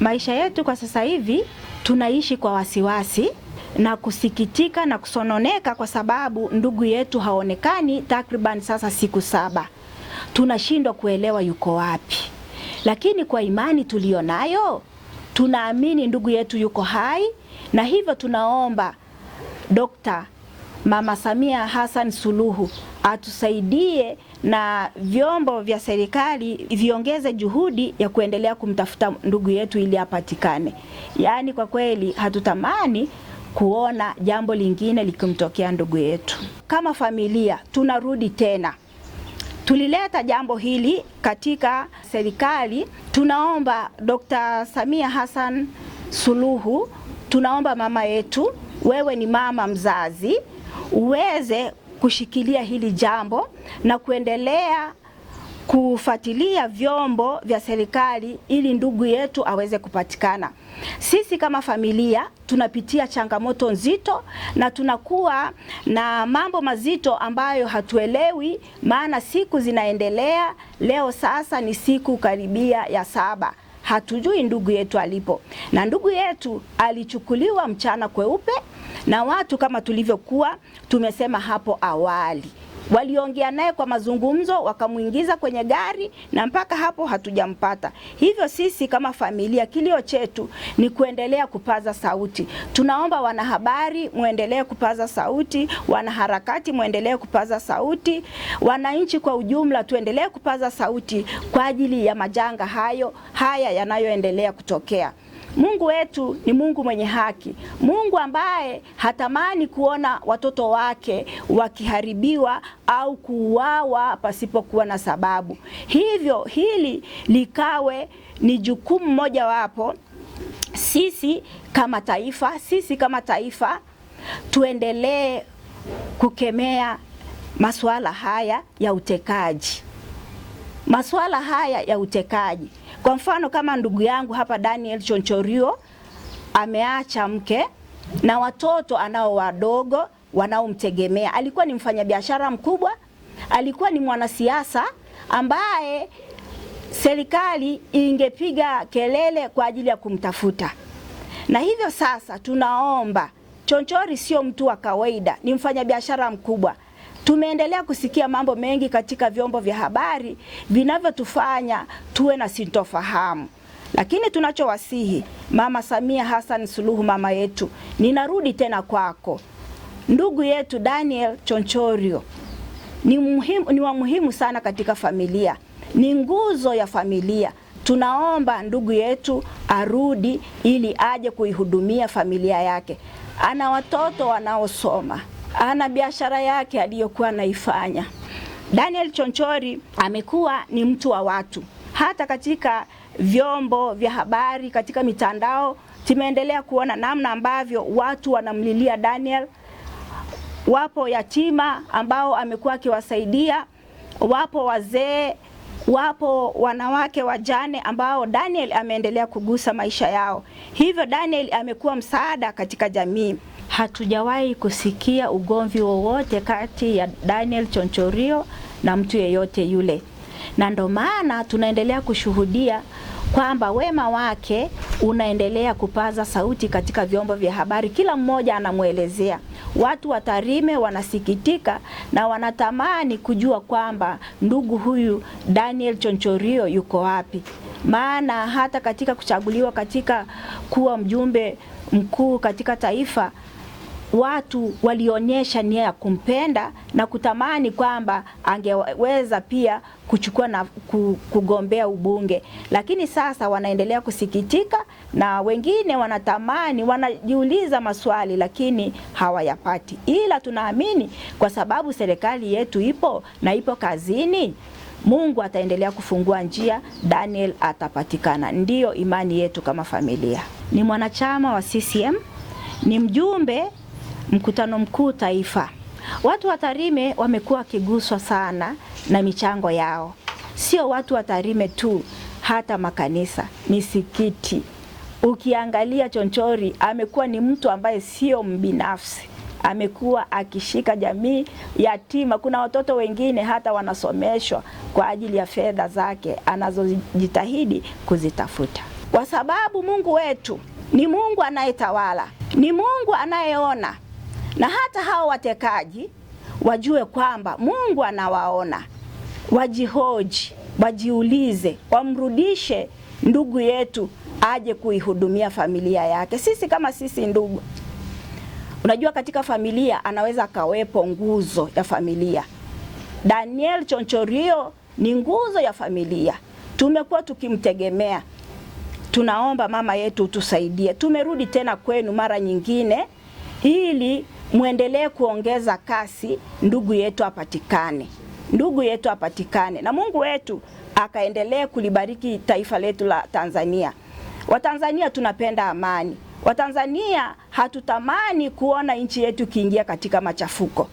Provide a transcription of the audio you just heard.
Maisha yetu kwa sasa hivi tunaishi kwa wasiwasi na kusikitika na kusononeka kwa sababu ndugu yetu haonekani takriban sasa siku saba. Tunashindwa kuelewa yuko wapi, lakini kwa imani tuliyo nayo tunaamini ndugu yetu yuko hai, na hivyo tunaomba Dokta Mama Samia Hassan Suluhu atusaidie na vyombo vya serikali viongeze juhudi ya kuendelea kumtafuta ndugu yetu ili apatikane. Yaani kwa kweli hatutamani kuona jambo lingine likimtokea ndugu yetu. Kama familia tunarudi tena, tulileta jambo hili katika serikali. Tunaomba Dr. Samia Hassan Suluhu, tunaomba mama yetu, wewe ni mama mzazi uweze kushikilia hili jambo na kuendelea kufuatilia vyombo vya serikali ili ndugu yetu aweze kupatikana. Sisi kama familia tunapitia changamoto nzito na tunakuwa na mambo mazito ambayo hatuelewi, maana siku zinaendelea. Leo sasa ni siku karibia ya saba hatujui ndugu yetu alipo, na ndugu yetu alichukuliwa mchana kweupe na watu kama tulivyokuwa tumesema hapo awali Waliongea naye kwa mazungumzo, wakamwingiza kwenye gari na mpaka hapo hatujampata. Hivyo sisi kama familia, kilio chetu ni kuendelea kupaza sauti. Tunaomba wanahabari muendelee kupaza sauti, wanaharakati muendelee kupaza sauti, wananchi kwa ujumla tuendelee kupaza sauti kwa ajili ya majanga hayo haya yanayoendelea kutokea. Mungu wetu ni Mungu mwenye haki, Mungu ambaye hatamani kuona watoto wake wakiharibiwa au kuuawa pasipokuwa na sababu. Hivyo hili likawe ni jukumu moja wapo sisi kama taifa, sisi kama taifa tuendelee kukemea masuala haya ya utekaji, masuala haya ya utekaji. Kwa mfano kama ndugu yangu hapa Daniel Chonchorio ameacha mke na watoto anao wadogo wanaomtegemea. Alikuwa ni mfanyabiashara mkubwa, alikuwa ni mwanasiasa ambaye serikali ingepiga kelele kwa ajili ya kumtafuta. Na hivyo sasa tunaomba Chonchori sio mtu wa kawaida, ni mfanyabiashara mkubwa. Tumeendelea kusikia mambo mengi katika vyombo vya habari vinavyotufanya tuwe na sintofahamu, lakini tunachowasihi Mama Samia Hassan Suluhu, mama yetu, ninarudi tena kwako ndugu yetu Daniel Chonchorio ni muhimu, ni wa muhimu sana katika familia, ni nguzo ya familia. Tunaomba ndugu yetu arudi ili aje kuihudumia familia yake. Ana watoto wanaosoma ana biashara yake aliyokuwa anaifanya. Daniel Chonchori amekuwa ni mtu wa watu, hata katika vyombo vya habari, katika mitandao tumeendelea kuona namna ambavyo watu wanamlilia Daniel. Wapo yatima ambao amekuwa akiwasaidia, wapo wazee, wapo wanawake wajane ambao Daniel ameendelea kugusa maisha yao. Hivyo Daniel amekuwa msaada katika jamii. Hatujawahi kusikia ugomvi wowote kati ya Daniel Chonchorio na mtu yeyote yule, na ndo maana tunaendelea kushuhudia kwamba wema wake unaendelea kupaza sauti katika vyombo vya habari. Kila mmoja anamwelezea. Watu wa Tarime wanasikitika na wanatamani kujua kwamba ndugu huyu Daniel Chonchorio yuko wapi, maana hata katika kuchaguliwa katika kuwa mjumbe mkuu katika taifa watu walionyesha nia ya kumpenda na kutamani kwamba angeweza pia kuchukua na kugombea ubunge, lakini sasa wanaendelea kusikitika, na wengine wanatamani, wanajiuliza maswali lakini hawayapati. Ila tunaamini kwa sababu serikali yetu ipo na ipo kazini, Mungu ataendelea kufungua njia, Daniel atapatikana. Ndiyo imani yetu kama familia. Ni mwanachama wa CCM, ni mjumbe mkutano mkuu taifa. Watu wa Tarime wamekuwa wakiguswa sana na michango yao, sio watu wa Tarime tu, hata makanisa, misikiti. Ukiangalia Chonchori amekuwa ni mtu ambaye sio mbinafsi, amekuwa akishika jamii yatima. Kuna watoto wengine hata wanasomeshwa kwa ajili ya fedha zake anazojitahidi kuzitafuta, kwa sababu Mungu wetu ni Mungu anayetawala, ni Mungu anayeona na hata hao watekaji wajue kwamba Mungu anawaona, wajihoji, wajiulize, wamrudishe ndugu yetu aje kuihudumia familia yake. Sisi kama sisi ndugu, unajua katika familia anaweza akawepo nguzo ya familia. Daniel Chonchorio ni nguzo ya familia, tumekuwa tukimtegemea. Tunaomba mama yetu utusaidie, tumerudi tena kwenu mara nyingine ili mwendelee kuongeza kasi, ndugu yetu apatikane, ndugu yetu apatikane, na Mungu wetu akaendelee kulibariki taifa letu la Tanzania. Watanzania tunapenda amani. Watanzania hatutamani kuona nchi yetu ikiingia katika machafuko.